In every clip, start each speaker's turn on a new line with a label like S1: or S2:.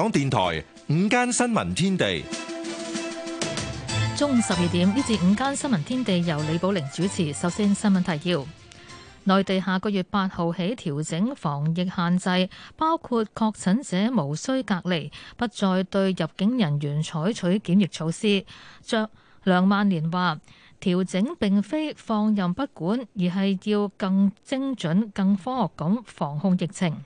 S1: 港電台五間新聞天地，
S2: 中午十二點呢，至五間新聞天地由李寶玲主持。首先新聞提要：內地下個月八號起調整防疫限制，包括確診者無需隔離，不再對入境人員採取檢疫措施。著梁萬年話：調整並非放任不管，而係要更精準、更科學咁防控疫情。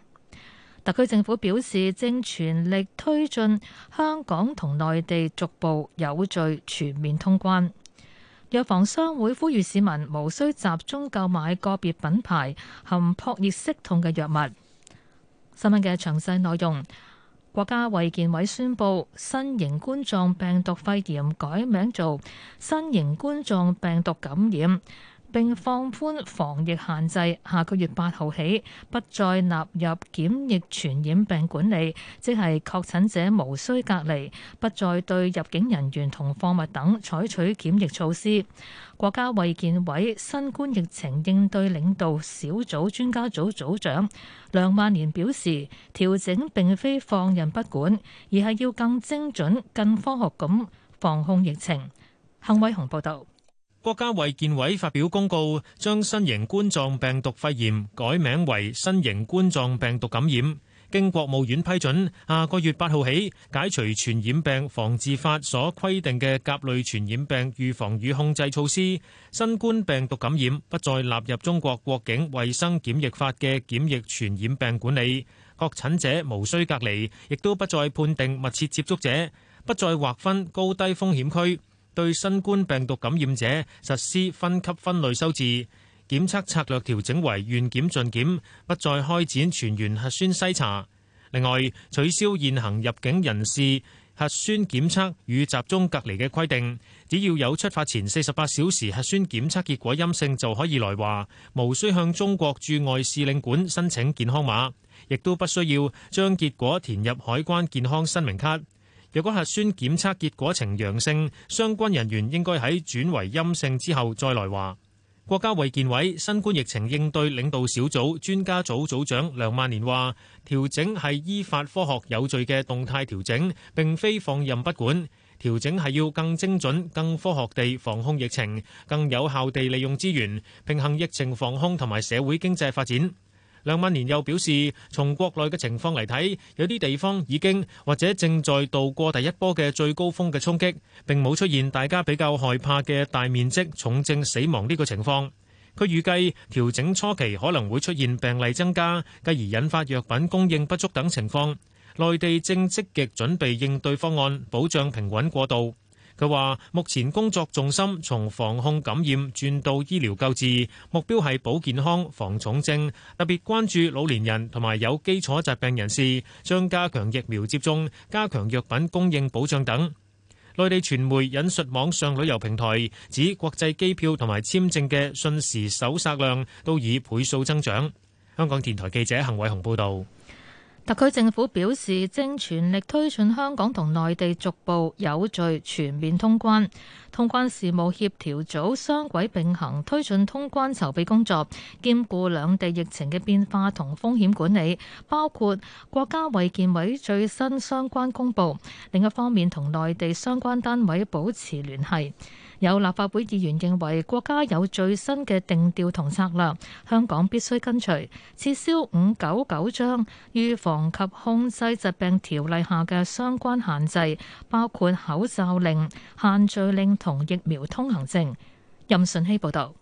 S2: 特區政府表示，正全力推進香港同內地逐步有序全面通關。藥房商會呼籲市民無需集中購買個別品牌含撲熱息痛嘅藥物。新聞嘅詳細內容，國家衛健委宣布新型冠狀病毒肺炎改名做新型冠狀病毒感染。並放寬防疫限制，下個月八號起不再納入檢疫傳染病管理，即係確診者無需隔離，不再對入境人員同貨物等採取檢疫措施。國家衛健委新冠疫情應對領導小組專家組組組長梁萬年表示，調整並非放任不管，而係要更精準、更科學咁防控疫情。幸偉雄報道。
S3: 國家衛健委發表公告，將新型冠狀病毒肺炎改名為新型冠狀病毒感染。經國務院批准，下個月八號起，解除傳染病防治法所規定嘅甲類傳染病預防與控制措施。新冠病毒感染不再納入中國國境衛生檢疫法嘅檢疫傳染病管理，確診者無需隔離，亦都不再判定密切接觸者，不再劃分高低風險區。對新冠病毒感染者實施分級分類收治，檢測策略調整為願檢盡檢，不再開展全員核酸篩查。另外，取消現行入境人士核酸檢測與集中隔離嘅規定，只要有出發前四十八小時核酸檢測結果陰性就可以來華，無需向中國駐外使領館申請健康碼，亦都不需要將結果填入海關健康申明卡。若果核酸檢測結果呈陽性，相關人員應該喺轉為陰性之後再來話。國家衛健委新冠疫情應對領導小組專家組組長梁萬年話，調整係依法科學有序嘅動態調整，並非放任不管。調整係要更精準更科學地防控疫情，更有效地利用資源，平衡疫情防控同埋社會經濟發展。梁萬年又表示，從國內嘅情況嚟睇，有啲地方已經或者正在度過第一波嘅最高峰嘅衝擊，並冇出現大家比較害怕嘅大面積重症死亡呢個情況。佢預計調整初期可能會出現病例增加，繼而引發藥品供應不足等情況。內地正積極準備應對方案，保障平穩過渡。佢話：目前工作重心從防控感染轉到醫療救治，目標係保健康、防重症，特別關注老年人同埋有基礎疾病人士，將加強疫苗接種、加強藥品供應保障等。內地傳媒引述網上旅遊平台指，國際機票同埋簽證嘅瞬時搜索量都以倍數增長。香港電台記者陳偉雄報導。
S2: 特區政府表示，正全力推進香港同內地逐步有序全面通關，通關事務協調組雙軌並行推進通關籌備工作，兼顧兩地疫情嘅變化同風險管理，包括國家衛健委最新相關公佈。另一方面，同內地相關單位保持聯繫。有立法會議員認為，國家有最新嘅定調同策略，香港必須跟隨，撤銷五九九章預防及控制疾病條例下嘅相關限制，包括口罩令、限聚令同疫苗通行證。任信希
S1: 報導。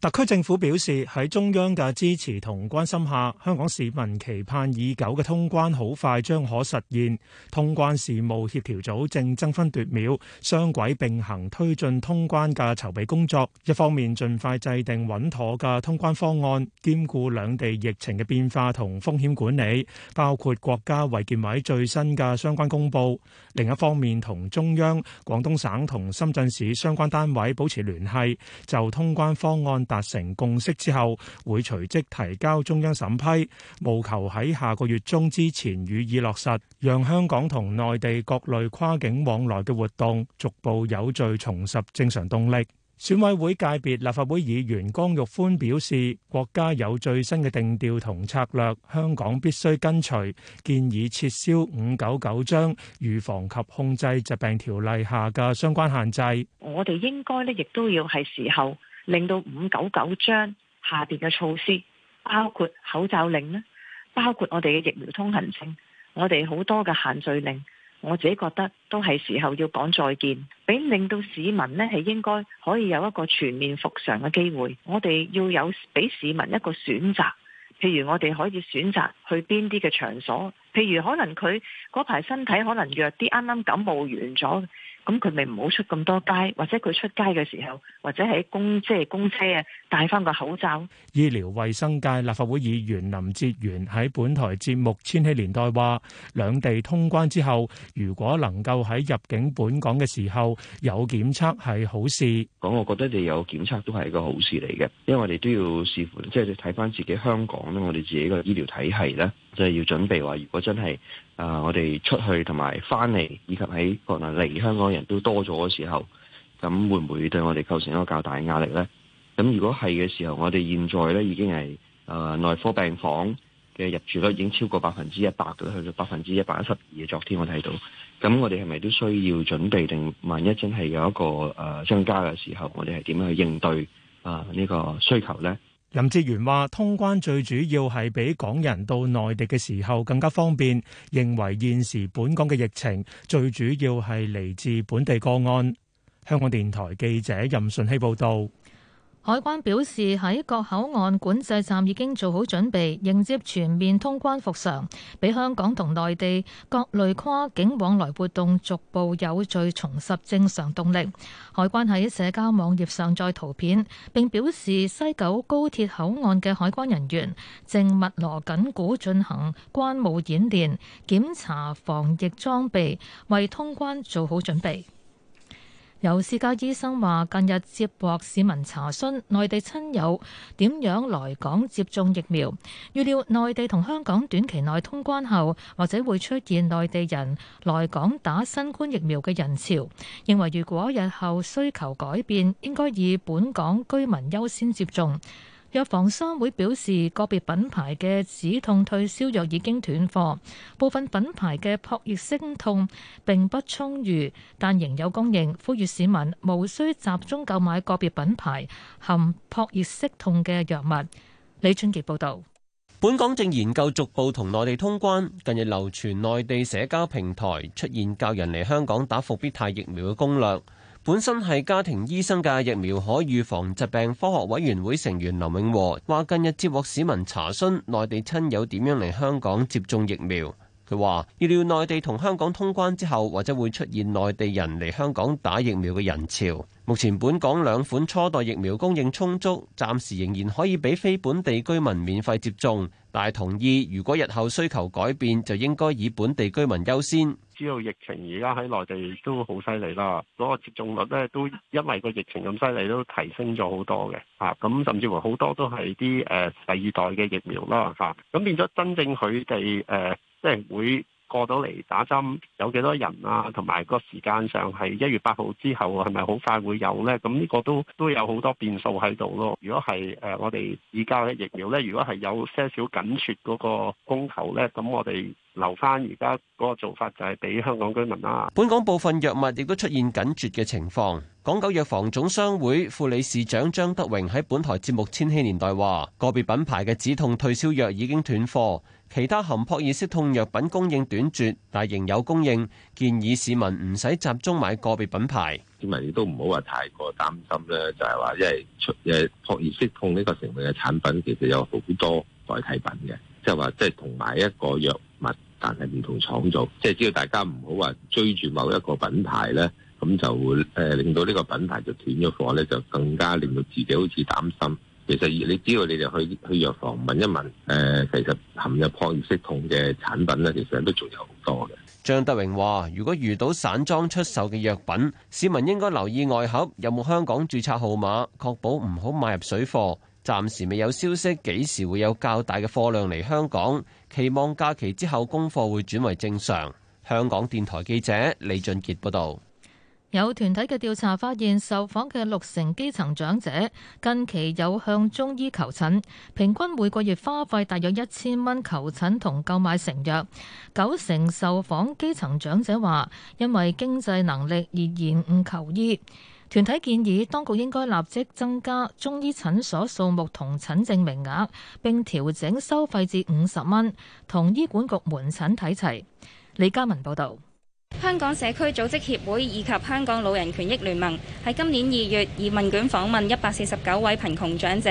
S1: 特區政府表示，喺中央嘅支持同關心下，香港市民期盼已久嘅通關好快將可實現。通關事務協調組正爭分奪秒、雙軌並行推進通關嘅籌備工作，一方面盡快制定穩妥嘅通關方案，兼顧兩地疫情嘅變化同風險管理，包括國家衛健委最新嘅相關公布；另一方面同中央、廣東省同深圳市相關單位保持聯繫，就通關方案，達成共識之後，會隨即提交中央審批，務求喺下個月中之前予以落實，讓香港同內地各類跨境往來嘅活動逐步有序重拾正常動力。 選委會界別立法會議員江玉歡表示，國家有最新嘅定調同策略，香港必須跟隨，建議撤銷《五九九章預防及控制疾病條例》下嘅相關限制。
S4: 我哋應該呢，亦都要係時候。 令到五九九章下邊嘅措施，包括口罩令咧，包括我哋嘅疫苗通行證，我哋好多嘅限聚令，我自己覺得都
S5: 係時候要講再見，俾令到市民呢，係應該可以有一個全面復常嘅機會，我哋要有俾市民一個選擇，譬如我哋可以選
S4: 擇去邊啲嘅場所，譬如可能佢嗰排身體可能弱啲，啱啱感冒完咗。咁佢咪唔好出咁多街，或者佢出街嘅時候，或者喺公即係公車啊，戴翻個口罩。
S1: 醫療衛生界立法會議員林哲源喺本台節目《千禧年代》話，兩地通關之後，如果能夠喺入境本港嘅時候有檢測係好事。
S6: 咁，我覺得就有檢測都係一個好事嚟嘅，因為我哋都要視乎，即係睇翻自己香港咧，我哋自己嘅醫療體系咧，即係要準備話，如果真係。啊、呃！我哋出去同埋翻嚟，以及喺國內嚟香港人都多咗嘅時候，咁會唔會對我哋構成一個較大嘅壓力咧？咁如果係嘅時候，我哋現在咧已經係誒、呃、內科病房嘅入住率已經超過百分之一百，都去到百分之一百一十二，昨天我睇到。咁我哋係咪都需要準備定萬一真係有一個誒增、呃、加嘅時候，我哋係點樣去應對啊？呢、呃、這個需求咧？
S1: 林哲源話：通關最主要係比港人到內地嘅時候更加方便，認為現時本港嘅疫情最主要係嚟自本地個案。香港電台記者任順希報道。
S2: 海關表示喺各口岸管制站已經做好準備，迎接全面通關復常，俾香港同內地各類跨境往來活動逐步有序重拾正常動力。海關喺社交網頁上載圖片，並表示西九高鐵口岸嘅海關人員正密鑼緊鼓進行關務演練、檢查防疫裝備，為通關做好準備。有私家醫生話，近日接獲市民查詢，內地親友點樣來港接種疫苗。預料內地同香港短期內通關後，或者會出現內地人來港打新冠疫苗嘅人潮。認為如果日後需求改變，應該以本港居民優先接種。藥房商會表示，個別品牌嘅止痛退燒藥已經斷貨，部分品牌嘅撲熱息痛並不充裕，但仍有供應。呼籲市民無需集中購買個別品牌含撲熱息痛嘅藥物。李春傑報導。
S7: 本港正研究逐步同內地通關，近日流傳內地社交平台出現教人嚟香港打復必泰疫苗嘅攻略。本身係家庭醫生嘅疫苗可預防疾病科學委員會成員林永和話，近日接獲市民查詢內地親友點樣嚟香港接種疫苗。佢話預料內地同香港通關之後，或者會出現內地人嚟香港打疫苗嘅人潮。目前本港兩款初代疫苗供應充足，暫時仍然可以俾非本地居民免費接種。但係同意，如果日後需求改變，就應該以本地居民優先。
S6: 知道疫情而家喺內地都好犀利啦，嗰個接種率咧都因為個疫情咁犀利都提升咗好多嘅。啊，咁甚至乎好多都係啲誒第二代嘅疫苗啦。嚇，咁變咗真正佢哋誒即係會。過到嚟打針有幾多人啊？同埋個時間上係一月八號之後係咪好快會有呢？咁呢個都都有好多變數喺度咯。如果係誒、呃、我哋而家嘅疫苗呢，如果係有些少緊缺嗰個供求呢，咁我哋留翻而家嗰個做法就係俾香港居民啦、啊。
S8: 本港部
S7: 分藥物亦都出現緊缺嘅情況。港九藥房總商會副理事長張德榮喺本台節目《千禧年代》話：個別品牌嘅止痛退燒藥已經斷貨。其他含撲熱息痛藥品供應短絕，但仍有供應。建議市民唔
S6: 使集中買
S7: 個別品牌。咁
S6: 咪亦都唔好話太過擔心咧，就係話因為出誒撲熱息痛呢個成分嘅產品其實有好多代替品嘅，即係話即係同埋一個藥物，但係唔同廠做。即係只要大家唔好話追住某一個品牌咧，咁就會誒令到呢個品牌就斷咗貨咧，就更加令到自己好似擔心。其實，而你知道你哋去去藥房問一問，誒、呃，其實含有撲熱息痛嘅產品咧，其實都仲有好多嘅。
S7: 張德榮話，如果遇到散裝出售嘅藥品，市民應該留意外盒有冇香港註冊號碼，確保唔好買入水貨。暫時未有消息幾時會有較大嘅貨量嚟香港，期望假期之後供貨會轉為正常。香港電台記者李俊傑報道。
S2: 有團體嘅調查發現，受訪嘅六成基層長者近期有向中醫求診，平均每個月花費大約一千蚊求診同購買成藥。九成受訪基層長者話，因為經濟能力而延誤求醫。團體建議當局應該立即增加中醫診所數目同診症名額，並調整收費至五十蚊，同醫管局門診睇齊。李嘉文報導。
S9: 香港社區組織協會以及香港老人權益聯盟喺今年二月以問卷訪問一百四十九位貧窮長者，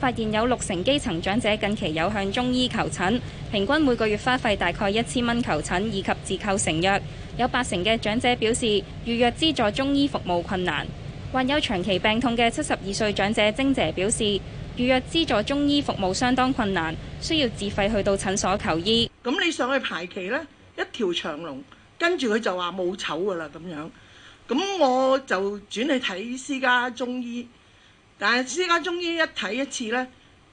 S9: 發現有六成基層長者近期有向中醫求診，平均每個月花費大概一千蚊求診以及自購成藥。有八成嘅長者表示預約資助中醫服務困難。患有長期病痛嘅七十二歲長者晶姐表示預約資助中醫服務相當困難，需要自費去到診所求醫。咁你上去排期咧，一條長龍。跟住佢就話冇籌㗎啦，
S6: 咁樣咁我就轉去睇私家中醫，但係私家中醫一睇一次呢，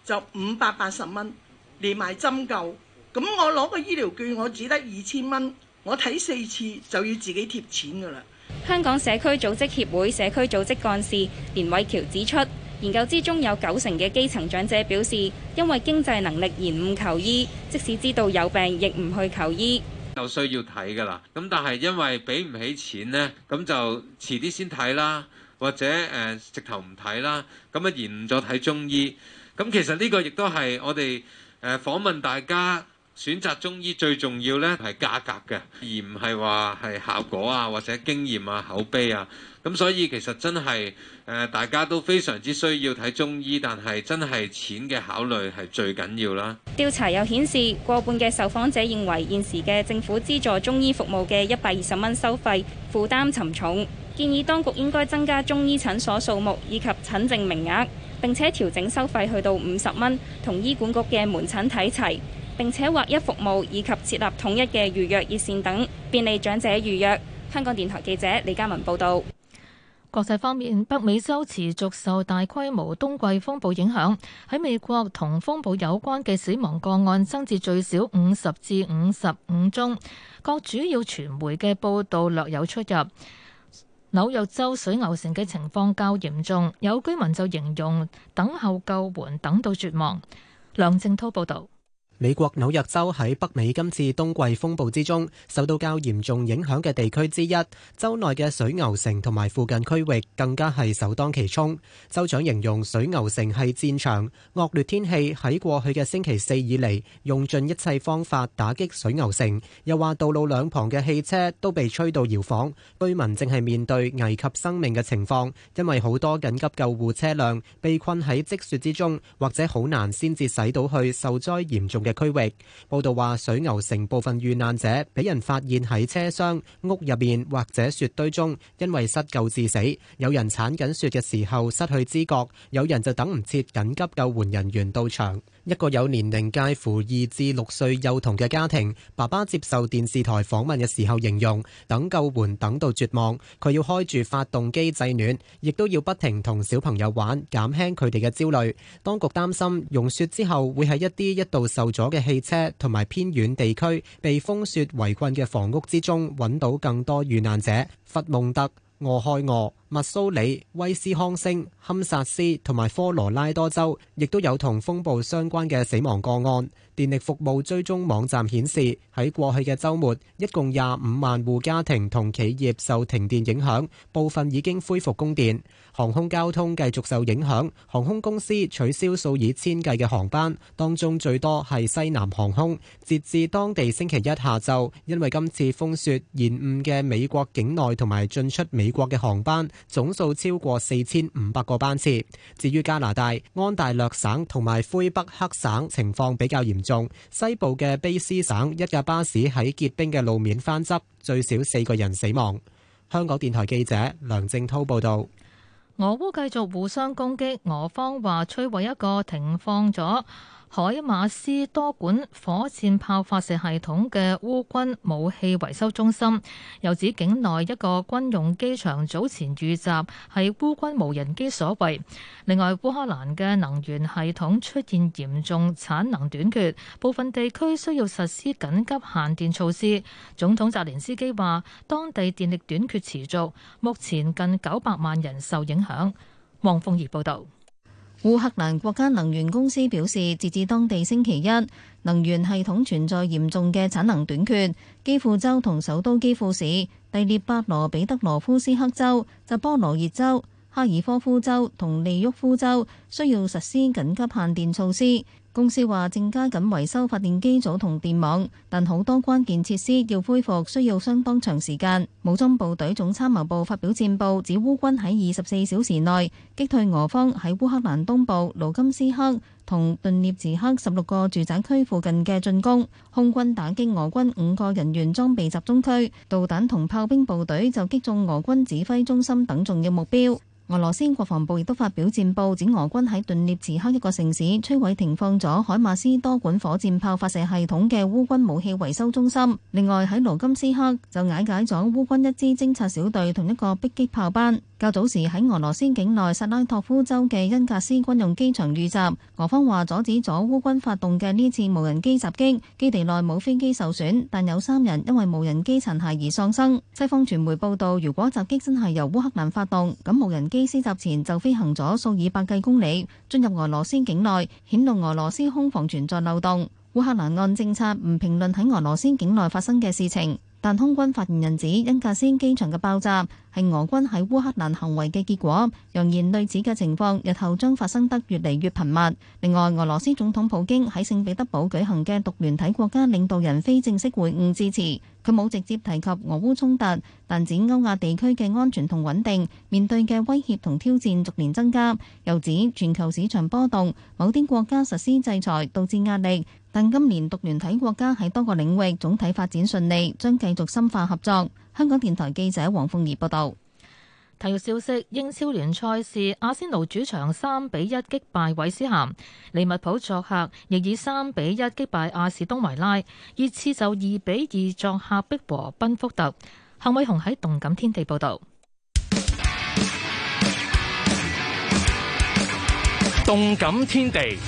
S6: 就五百八十蚊，連埋針灸。咁我攞個醫療券我，我只得二千蚊，我睇四次就要自己貼錢㗎啦。
S9: 香港社區組織協會社區組織幹事連偉橋指出，研究之中有九成嘅基層長者表示，因為經濟能力延誤求醫，即使知道有病亦唔去求醫。
S3: 有需要睇噶啦，咁但係因為俾唔起錢呢，咁就遲啲先睇啦，或者誒直頭唔睇啦，咁啊延咗睇中醫，咁其實呢個亦都係我哋誒訪問大家。選擇中醫最重要咧係價格嘅，而唔係話係效果啊，或者經驗啊、口碑啊。咁所以其實真係誒，大家都非常之需要睇中醫，但係真係錢嘅考慮係最緊要啦。
S9: 調查又顯示，過半嘅受訪者認為現時嘅政府資助中醫服務嘅一百二十蚊收費負擔沉重，建議當局應該增加中醫診所數目以及診症名額，並且調整收費去到五十蚊，同醫管局嘅門診睇齊。並且劃一服務，以及設立統一嘅預約熱線等，便利長者預約。香港電台記者李嘉文報道。
S2: 國際方面，北美洲持續受大規模冬季風暴影響，喺美國同風暴有關嘅死亡個案增至最少五十至五十五宗。各主要傳媒嘅報道略有出入。紐約州水牛城嘅情況較嚴重，有居民就形容等候救援等到絕望。梁正滔報導。
S5: 美國紐約州喺北美今次冬季風暴之中受到較嚴重影響嘅地區之一，州內嘅水牛城同埋附近區域更加係首當其衝。州長形容水牛城係戰場，惡劣天氣喺過去嘅星期四以嚟用盡一切方法打擊水牛城，又話道路兩旁嘅汽車都被吹到搖晃，居民正係面對危及生命嘅情況，因為好多緊急救護車輛被困喺積雪之中，或者好難先至駛到去受災嚴重嘅區域，報道話水牛城部分遇難者俾人發現喺車廂、屋入面或者雪堆中，因為失救致死。有人剷緊雪嘅時候失去知覺，有人就等唔切緊急救援人員到場。一個有年齡介乎二至六歲幼童嘅家庭，爸爸接受電視台訪問嘅時候形容，等救援等到絕望。佢要開住發動機製暖，亦都要不停同小朋友玩，減輕佢哋嘅焦慮。當局擔心融雪之後會喺一啲一度受阻嘅汽車同埋偏遠地區被風雪圍困嘅房屋之中揾到更多遇難者。弗蒙特俄亥俄、密蘇里、威斯康星、堪薩斯同埋科羅拉多州，亦都有同風暴相關嘅死亡個案。電力服務追蹤網站顯示，喺過去嘅週末，一共廿五萬戶家庭同企業受停電影響，部分已經恢復供電。航空交通繼續受影響，航空公司取消數以千計嘅航班，當中最多係西南航空。截至當地星期一下晝，因為今次風雪延誤嘅美國境內同埋進出美國嘅航班總數超過四千五百個班次。至於加拿大，安大略省同埋魁北克省情況比較嚴重。中西部嘅卑斯省，一架巴士喺結冰嘅路面翻側，最少四個人死亡。香港電台記者梁正濤報道。
S2: 俄烏繼續互相攻擊，俄方話摧毀一個停放咗。海馬斯多管火箭炮發射系統嘅烏軍武器維修中心，又指境內一個軍用機場早前遇襲，係烏軍無人機所為。另外，烏克蘭嘅能源系統出現嚴重產能短缺，部分地區需要實施緊急限電措施。總統澤連斯基話，當地電力短缺持續，目前近九百萬人受影響。黃鳳儀報導。
S8: 烏克蘭國家能源公司表示，截至當地星期一，能源系統存在嚴重嘅產能短缺，基輔州同首都基輔市、第聶伯羅彼得羅夫斯克州、扎波羅熱州，哈爾科夫州同利沃夫州需要實施緊急限電措施。公司話正加緊維修發電機組同電網，但好多關鍵設施要恢復需要相當長時間，武裝部隊總參謀部發表戰報指烏軍喺二十四小時內擊退俄方喺烏克蘭東部盧甘斯克同頓涅茨克十六個住宅區附近嘅進攻，空軍打擊俄軍五個人員裝備集中區，導彈同炮兵部隊就擊中俄軍指揮中心等重要目標。俄羅斯國防部亦都發表戰報，指俄軍喺頓涅茨克一個城市摧毀停放咗海馬斯多管火箭炮發射系統嘅烏軍武器維修中心。另外喺盧甘斯克就瓦解咗烏軍一支偵察小隊同一個迫擊炮班。較早時喺俄羅斯境內薩拉托夫州嘅恩格斯軍用機場遇襲，俄方話阻止咗烏軍發動嘅呢次無人機襲擊，基地內冇飛機受損，但有三人因為無人機殘骸而喪生。西方傳媒報道，如果襲擊真係由烏克蘭發動，咁無人機施襲前就飛行咗數以百計公里進入俄羅斯境內，顯露俄羅斯空防存在漏洞。烏克蘭按政策唔評論喺俄羅斯境內發生嘅事情。但空軍發言人指，恩格斯機場嘅爆炸係俄軍喺烏克蘭行為嘅結果，揚言類似嘅情況日後將發生得越嚟越頻密。另外，俄羅斯總統普京喺聖彼得堡舉行嘅獨聯體國家領導人非正式會晤致辭，佢冇直接提及俄烏衝突，但指歐亞地區嘅安全同穩定面對嘅威脅同挑戰逐年增加，又指全球市場波動，某啲國家實施制裁導致壓力。但今年獨聯體國家喺多個領域總體發展順利，將繼續深化合作。香港電台記者黃鳳
S2: 儀報道。體育消息：英超聯賽事，阿仙奴主場三比一擊敗韋斯咸，利物浦作客亦以三比一擊敗阿士東維拉，熱刺就二比二作客逼和賓福特。幸偉雄喺動感天地報道。
S3: 動感天地。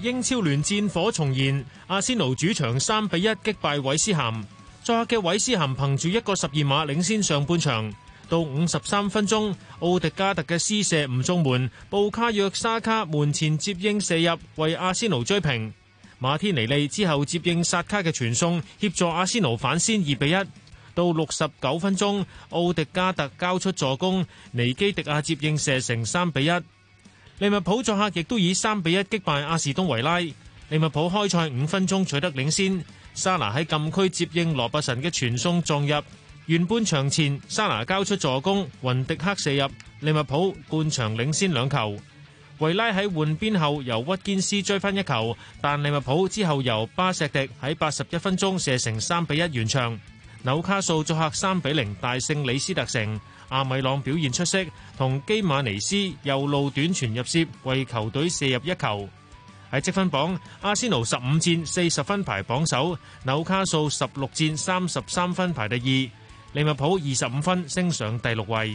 S3: 英超聯戰火重現，阿仙奴主場三比一擊敗韋斯咸。作客嘅韋斯咸憑住一個十二碼領先上半場，到五十三分鐘，奧迪加特嘅施射唔中門，布卡約沙卡門前接應射入，為阿仙奴追平。馬天尼利之後接應沙卡嘅傳送，協助阿仙奴反先二比一。到六十九分鐘，奧迪加特交出助攻，尼基迪亞接應射成三比一。利物浦作客亦都以三比一擊敗阿士東維拉。利物浦開賽五分鐘取得領先，沙拿喺禁區接應羅伯臣嘅傳送撞入。完半場前，沙拿交出助攻，雲迪克射入，利物浦半場領先兩球。維拉喺換邊後由屈堅斯追翻一球，但利物浦之後由巴石迪喺八十一分鐘射成三比一完場。紐卡素作客三比零大勝李斯特城。阿米朗表現出色，同基馬尼斯右路短傳入楔，為球隊射入一球。喺積分榜，阿仙奴十五戰四十分排榜首，紐卡素十六戰三十三分排第二，利物浦二十五分升上第六位。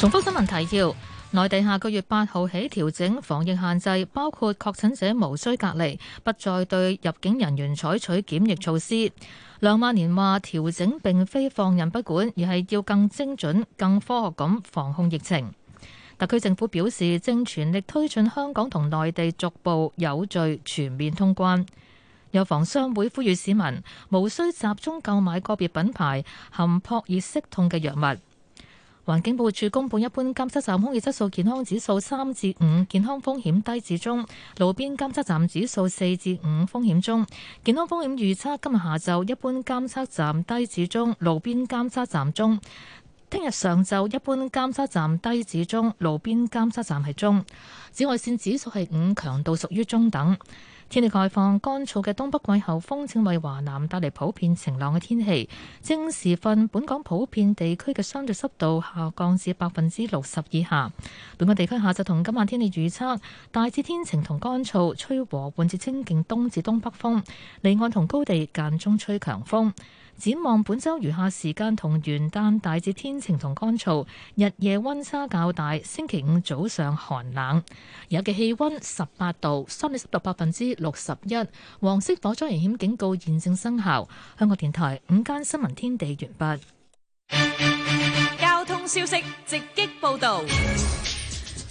S2: 重複新聞提要。內地下個月八號起調整防疫限制，包括確診者無需隔離，不再對入境人員採取檢疫措施。梁萬年話：調整並非放任不管，而係要更精準、更科學咁防控疫情。特區政府表示，正全力推進香港同內地逐步有序全面通關。有房商會呼籲市民無需集中購買個別品牌含撲熱息痛嘅藥物。環境保護署公布一般監測站空氣質素健康指數三至五，健康風險低至中；路邊監測站指數四至五，風險中。健康風險預測今日下晝一般監測站低至中，路邊監測站中；聽日上晝一般監測站低至中，路邊監測站係中。紫外線指數係五，強度屬於中等。天氣概況，乾燥嘅東北季候風正為華南帶嚟普遍晴朗嘅天氣。正時分，本港普遍地區嘅相對濕度下降至百分之六十以下。本港地區下晝同今晚天氣預測：大致天晴同乾燥，吹和緩至清勁東至東北風，離岸同高地間中吹強風。展望本週餘下時間同元旦大致天晴同乾燥，日夜温差較大。星期五早上寒冷，有嘅氣溫十八度，相對濕度百分之六十一。黃色火災危險警告現正生效。香港電台午間新聞天地完畢。
S9: 交通消息直擊報道。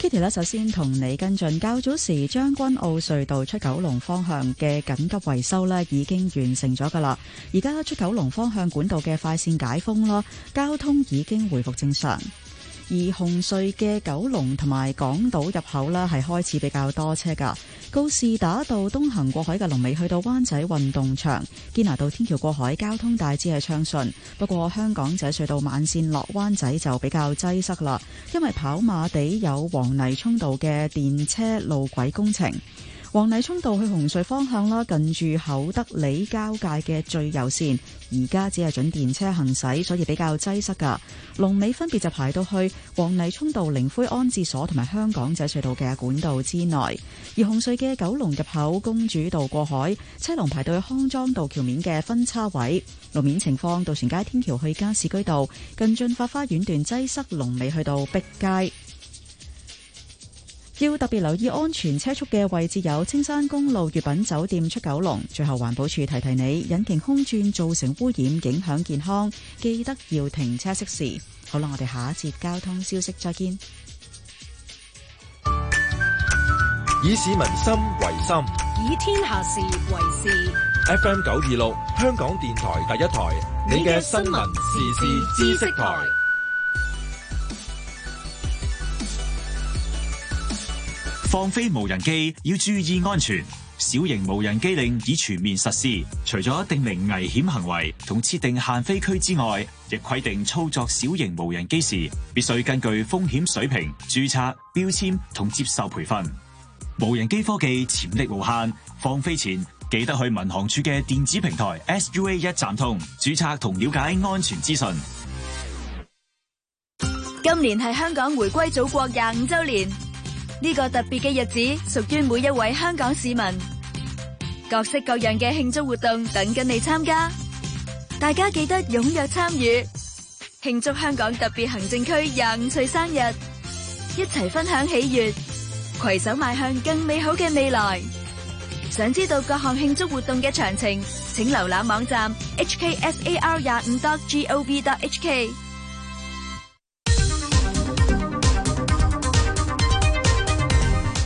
S10: 呢條咧，首先同你跟進，較早時將軍澳隧道出九龍方向嘅緊急維修咧，已經完成咗噶啦。而家出九龍方向管道嘅快線解封咯，交通已經回復正常。而紅隧嘅九龍同埋港島入口呢，係開始比較多車㗎。告士打道東行過海嘅龍尾去到灣仔運動場，堅拿道天橋過海交通大致係暢順，不過香港仔隧道慢線落灣仔就比較擠塞啦，因為跑馬地有黃泥涌道嘅電車路軌工程。黃泥涌道去紅隧方向啦，近住厚德里交界嘅最右線，而家只係准電車行駛，所以比較擠塞噶。龍尾分別就排到去黃泥涌道靈灰安置所同埋香港仔隧道嘅管道之內，而紅隧嘅九龍入口公主道過海車龍排到去康莊道橋面嘅分叉位。路面情況，渡船街天橋去加士居道近駿發花園段擠塞，龍尾去到碧街。要特別留意安全車速嘅位置有青山公路悅品酒店出九龍。最後環保署提提你，引擎空轉造成污染，影響健康，記得要停車熄匙。好啦，我哋下一節交通消息再見。
S1: 以市民心為心，
S4: 以天下事為事。
S1: F M 九二六，香港電台第一台，你嘅新聞時事，事知識台。
S7: 放飛無人機要注意安全，小型無人機令已全面實施。除咗訂明危險行為同設定限飛區之外，亦規定操作小型無人機時必須根據風險水平注冊標籤同接受培訓。無人機科技潛力無限，放飛前記得去民航處嘅電子平台 SUA 一站通注冊同了解安全資訊。
S10: 今年係香港回歸祖國廿五周年。呢個特別嘅日子屬於每一位香港市民，各式各樣嘅慶祝活動等緊你參加，大家記得踴躍參與，慶祝香港特別行政區廿五歲生日，一齊分享喜悅，攜手邁向更美好嘅未來。想知道各項慶祝活動嘅詳情，請瀏覽網站 hksar 廿五 .gov.hk。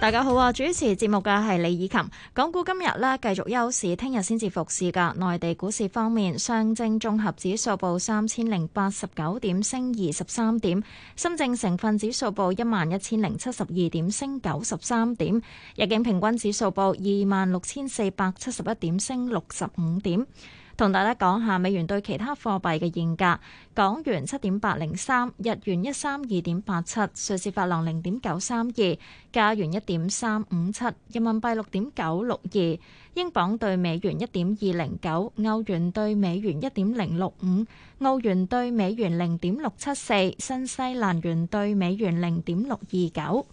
S4: 大家好啊！主持節目嘅係李以琴。港股今日咧，繼續休市，聽日先至復市噶。內地股市方面，上證綜合指數報三千零八十九點，升二十三點，深證成分指數報一萬一千零七十二點，升九十三點，日經平均指數報二萬六千四百七十一點，升六十五點。同大家講下美元對其他貨幣嘅現價：港元七點八零三，日元一三二點八七，瑞士法郎零點九三二，加元一點三五七，人民幣六點九六二，英鎊對美元一點二零九，歐元對美元一點零六五，澳元對美元零點六七四，新西蘭元對美元零點六二九。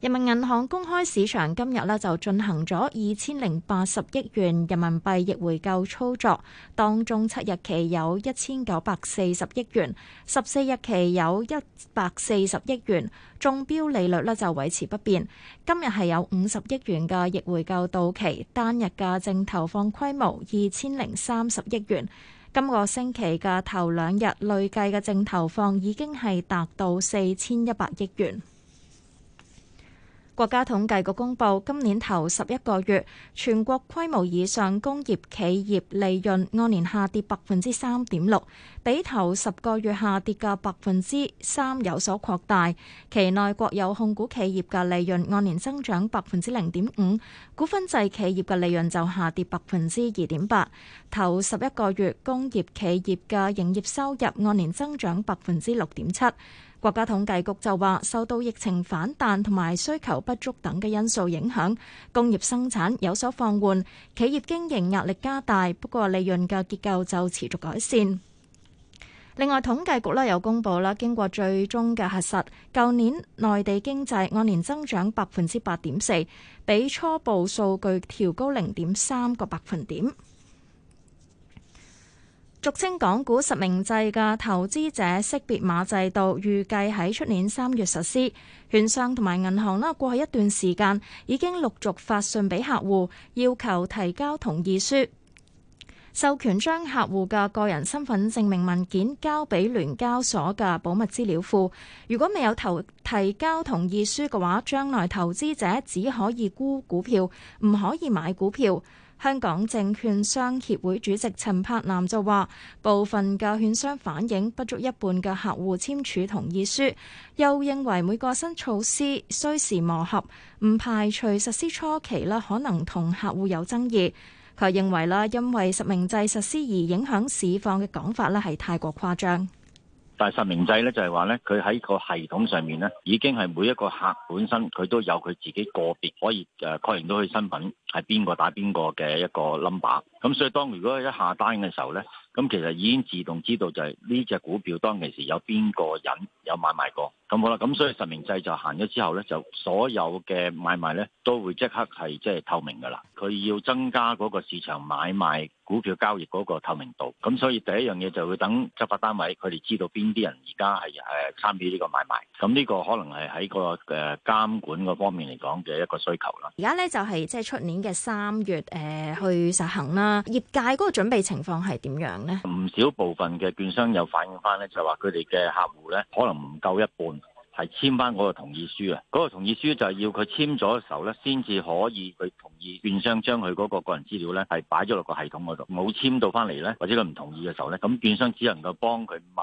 S4: 人民銀行公開市場今日咧，就進行咗二千零八十億元人民幣逆回購操作，當中七日期有一千九百四十億元，十四日期有一百四十億元，中標利率呢就維持不變。今日係有五十億元嘅逆回購到期，單日嘅淨投放規模二千零三十億元。今個星期嘅頭兩日累計嘅淨投放已經係達到四千一百億元。國家統計局公布，今年頭十一個月，全國規模以上工業企業利潤按年下跌百分之三點六，比頭十個月下跌嘅百分之三有所擴大。期內國有控股企業嘅利潤按年增長百分之零點五，股份制企業嘅利潤就下跌百分之二點八。頭十一個月，工業企業嘅營業收入按年增長百分之六點七。國家統計局就話，受到疫情反彈同埋需求不足等嘅因素影響，工業生產有所放緩，企業經營壓力加大。不過，利潤嘅結構就持續改善。另外，統計局呢又公布啦，經過最終嘅核實，舊年內地經濟按年增長百分之八點四，比初步數據調高零點三個百分點。俗稱港股實名制嘅投資者識別碼制度，預計喺出年三月實施。券商同埋銀行啦，過去一段時間已經陸續發信俾客戶，要求提交同意書，授權將客戶嘅個人身份證明文件交俾聯交所嘅保密資料庫。如果未有投提交同意書嘅話，將來投資者只可以沽股票，唔可以買股票。香港證券商協會主席陳柏南就話：部分嘅券商反映不足一半嘅客戶簽署同意書，又認為每個新措施需時磨合，唔排除實施初期咧可能同客戶有爭議。佢認為啦，因為實名制實施而影響市況嘅講法咧係太過誇張。
S6: 但係實名制咧，就係話咧，佢喺個系統上面咧，已經係每一個客本身佢都有佢自己個別可以誒確認到佢身份係邊個打邊個嘅一個 number。咁所以當如果佢一下單嘅時候咧，咁其實已經自動知道就係呢隻股票當其時有邊個人有買賣過。咁好啦，咁所以實名制就行咗之後咧，就所有嘅買賣咧都會即刻係即係透明㗎喇。佢要增加嗰個市場買賣股票交易嗰個透明度，咁所以第一樣嘢就會等執法單位佢哋知道邊啲人而家係誒參與呢個買賣，咁呢個可能係喺個誒監管嗰方面嚟講嘅一個需求啦。
S4: 而家咧就係即係出年嘅三月誒、呃、去實行啦，業界嗰個準備情況，係點樣咧？唔
S6: 少部分嘅券商有反映翻咧，就話佢哋嘅客戶咧可能唔夠一半。係簽返嗰個同意書啊！嗰、那個同意書就係要佢簽咗嘅時候咧，先至可以佢同意券商將佢嗰個個人資料咧，係擺咗落個系統嗰度。冇簽到返嚟咧，或者佢唔同意嘅時候咧，咁券商只能夠幫佢賣。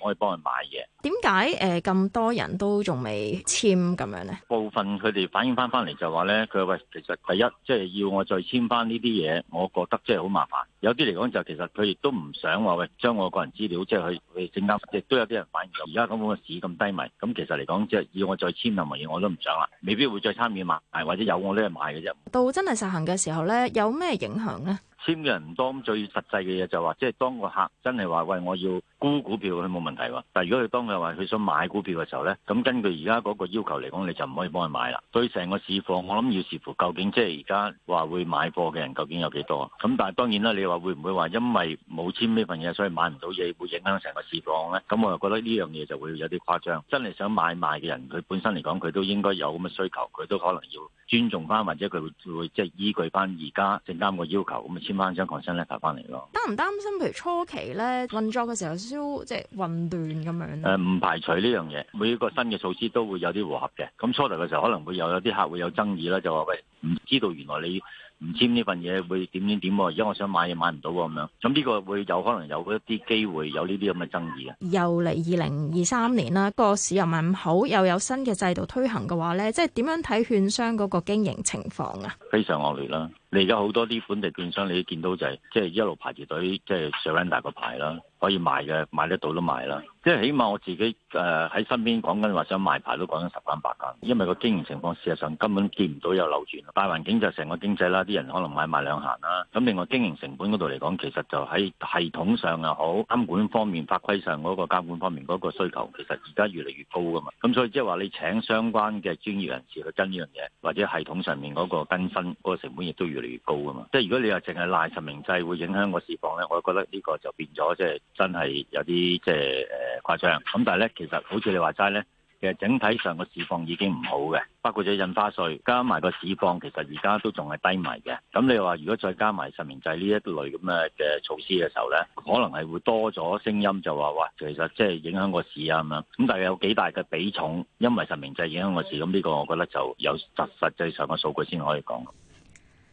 S6: 我以幫佢買嘢，
S4: 點解誒咁多人都仲未簽咁樣咧？
S6: 部分佢哋反映翻翻嚟，就話咧，佢話喂，其實第一即係、就是、要我再簽翻呢啲嘢，我覺得即係好麻煩。有啲嚟講就其實佢亦都唔想話喂，將我個人資料即係去去正啱，亦、就、都、是、有啲人反映，而家咁個市咁低迷，咁其實嚟講即係要我再簽任何嘢，我都唔想啦，未必會再參與買，或者有我呢係買嘅啫。
S4: 到真係實行嘅時候咧，有咩影響咧？
S6: 簽嘅人唔多，最實際嘅嘢就係話，即係當個客真係話喂，我要沽股票，佢冇問題喎。但係如果佢當佢話佢想買股票嘅時候咧，咁根據而家嗰個要求嚟講，你就唔可以幫佢買啦。對成個市況，我諗要視乎究竟即係而家話會買貨嘅人究竟有幾多。咁但係當然啦，你話會唔會話因為冇簽呢份嘢，所以買唔到嘢，會影響成個市況咧？咁我又覺得呢樣嘢就會有啲誇張。真係想買賣嘅人，佢本身嚟講佢都應該有咁嘅需求，佢都可能要尊重翻或者佢會即係依據翻而家證監個要求咁簽翻張狂申咧，帶翻嚟咯。
S4: 擔唔擔心？譬如初期咧運作嘅時候，有少少即係混亂咁樣誒，唔
S6: 排除呢樣嘢。每一個新嘅措施都會有啲和合磨合嘅。咁初頭嘅時候，可能會有有啲客戶有爭議啦，就話喂，唔知道原來你唔簽呢份嘢會點點點。而家我想買嘢買唔到喎，咁樣。咁呢個會有可能有一啲機會有呢啲咁嘅爭議嘅。
S4: 又嚟二零二三年啦，個市又唔係咁好，又有新嘅制度推行嘅話咧，即係點樣睇券商嗰個經營情況啊？
S6: 非常惡劣啦。你而家好多啲本地券商，你都見到就係即係一路排住隊，即係上緊大個牌啦，可以賣嘅，買得到都賣啦。即係起碼我自己誒喺、呃、身邊講緊話想賣牌都講緊十間八間，因為個經營情況事實上根本見唔到有流轉。大環境就成個經濟啦，啲人可能買賣兩行啦。咁另外經營成本嗰度嚟講，其實就喺系統上又好監管方面、法規上嗰個監管方面嗰個需求，其實而家越嚟越高噶嘛。咁所以即係話你請相關嘅專業人士去跟呢樣嘢，或者系統上面嗰個更新嗰個成本亦都越。越嚟越高啊嘛。即係如果你話淨係賴實名制會影響個市況咧我覺得呢個就變咗即係真係有啲即係誒誇張。咁但係咧其實好似你話齋咧其實整體上個市況已經唔好嘅，包括咗印花稅加埋個市況，其實而家都仲係低迷嘅。咁你話如果再加埋實名制呢一類咁嘅嘅措施嘅時候咧可能係會多咗聲音就話話其實即係影響個市啊嘛。咁但係有幾大嘅比重？因為實名制影響個市，咁呢個我覺得就有實實際上嘅數據先可以講。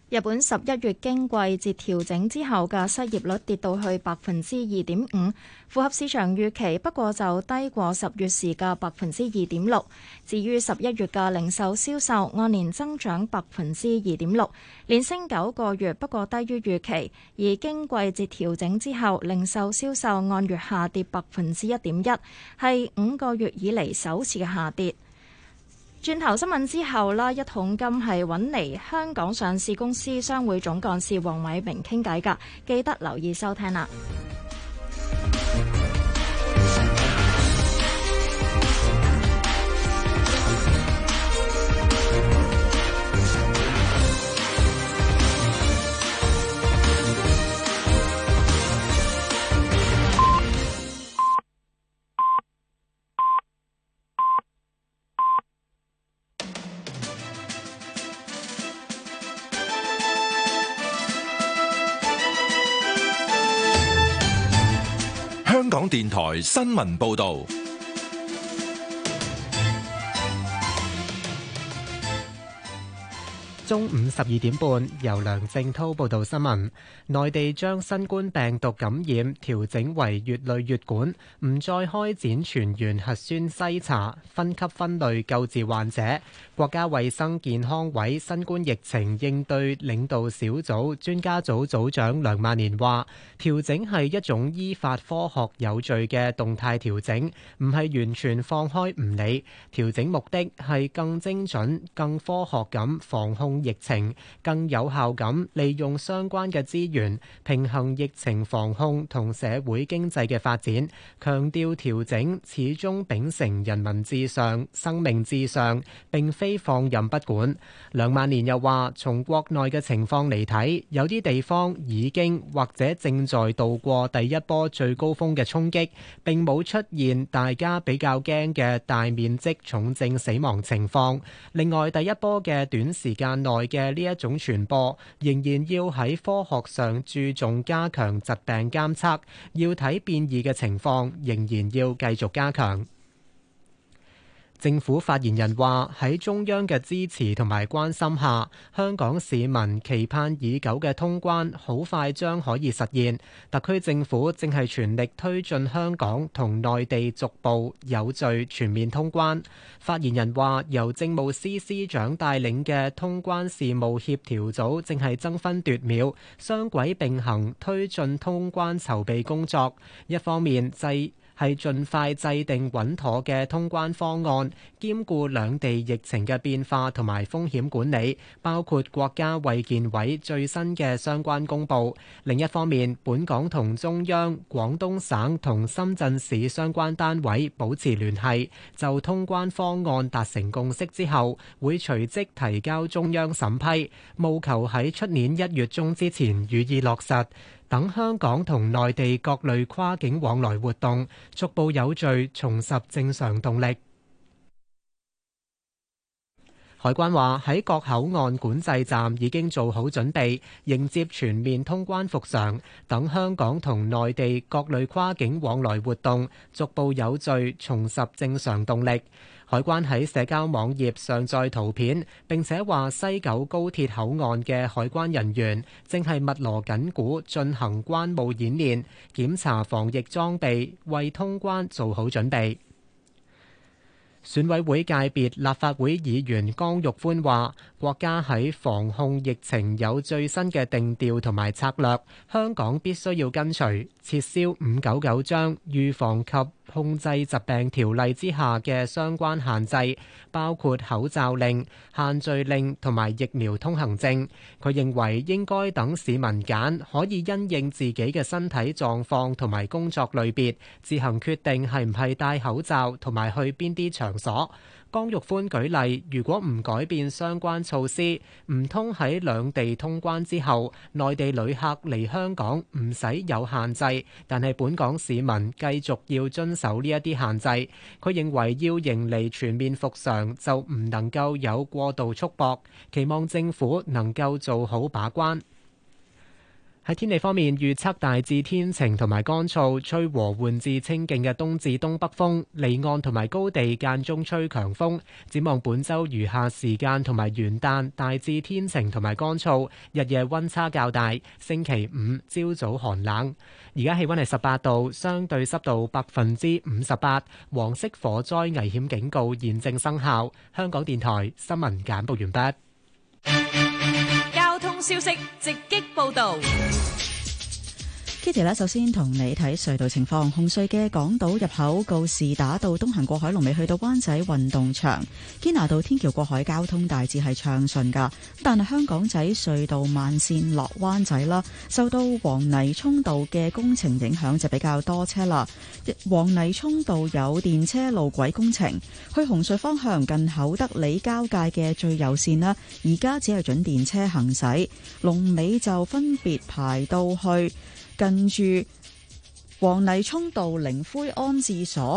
S4: 日本十一月經季節調整之後嘅失業率跌到去百分之二點五，符合市場預期，不過就低過十月時嘅百分之二點六。至於十一月嘅零售銷售按年增長百分之二點六，連升九個月，不過低於預期。而經季節調整之後，零售銷售按月下跌百分之一點一，係五個月以嚟首次嘅下跌。轉頭新聞之後啦，一桶金係揾嚟香港上市公司商會總幹事黃偉明傾偈㗎。記得留意收聽啦。
S1: 電台新聞報道。
S5: 中午十二點半，由梁正濤報道新聞。內地將新冠病毒感染調整為乙類乙管，唔再開展全員核酸篩查，分級分類救治患者。國家衛生健康委新冠疫情應對領導小組專家組組長梁萬年話：調整係一種依法科學有序嘅動態調整，唔係完全放開唔理。調整目的係更精準、更科學咁防控。疫情更有效咁利用相關嘅資源，平衡疫情防控同社會經濟嘅發展，強調調整始終秉承人民至上、生命至上，並非放任不管。梁萬年又話：從國內嘅情況嚟睇，有啲地方已經或者正在度過第一波最高峰嘅衝擊，並冇出現大家比較驚嘅大面積重症死亡情況。另外，第一波嘅短時間。內嘅呢一種傳播，仍然要喺科學上注重加強疾病監測，要睇變異嘅情況，仍然要繼續加強。政府發言人話：喺中央嘅支持同埋關心下，香港市民期盼已久嘅通關好快將可以實現。特區政府正係全力推進香港同內地逐步有序全面通關。發言人話：由政務司司長帶領嘅通關事務協調組正係爭分奪秒、雙軌並行推進通關籌備工作。一方面制、就係係盡快制定穩妥嘅通關方案，兼顧兩地疫情嘅變化同埋風險管理，包括國家衛健委最新嘅相關公佈。另一方面，本港同中央、廣東省同深圳市相關單位保持聯繫，就通關方案達成共識之後，會隨即提交中央審批，務求喺出年一月中之前予以落實。等香港同內地各類跨境往來活動逐步有序重拾正常動力。海關話，喺各口岸管制站已經做好準備，迎接全面通關復常，等香港同內地各類跨境往來活動逐步有序重拾正常動力。海關喺社交網頁上載圖片，並且話西九高鐵口岸嘅海關人員正係密鑼緊鼓進行關務演練、檢查防疫裝備，為通關做好準備。選委會界別立法會議員江玉歡話。國家喺防控疫情有最新嘅定調同埋策略，香港必須要跟隨，撤銷《五九九章預防及控制疾病條例》之下嘅相關限制，包括口罩令、限聚令同埋疫苗通行證。佢認為應該等市民揀，可以因應自己嘅身體狀況同埋工作類別，自行決定係唔係戴口罩同埋去邊啲場所。江玉歡舉例，如果唔改變相關措施，唔通喺兩地通關之後，內地旅客嚟香港唔使有限制，但係本港市民繼續要遵守呢一啲限制。佢認為要迎嚟全面復常，就唔能夠有過度束縛，期望政府能夠做好把關。喺天氣方面預測大致天晴同埋乾燥，吹和緩至清勁嘅東至東北風，離岸同埋高地間中吹強風。展望本周餘下時間同埋元旦，大致天晴同埋乾燥，日夜溫差較大。星期五朝早寒冷。而家氣溫係十八度，相對濕度百分之五十八，黃色火災危險警告現正生效。香港電台新聞簡報完畢。
S9: 消息直擊報導。Yes.
S10: Kitty 咧，首先同你睇隧道情況。紅隧嘅港島入口告士打道東行過海龍尾去到灣仔運動場堅拿道天橋過海交通大致係暢順噶，但係香港仔隧道慢綫落灣仔啦，受到黃泥涌道嘅工程影響就比較多車啦。黃泥涌道有電車路軌工程去紅隧方向，近厚德里交界嘅最右綫啦，而家只係准電車行駛龍尾就分別排到去。近住黃泥涌道靈灰安置所。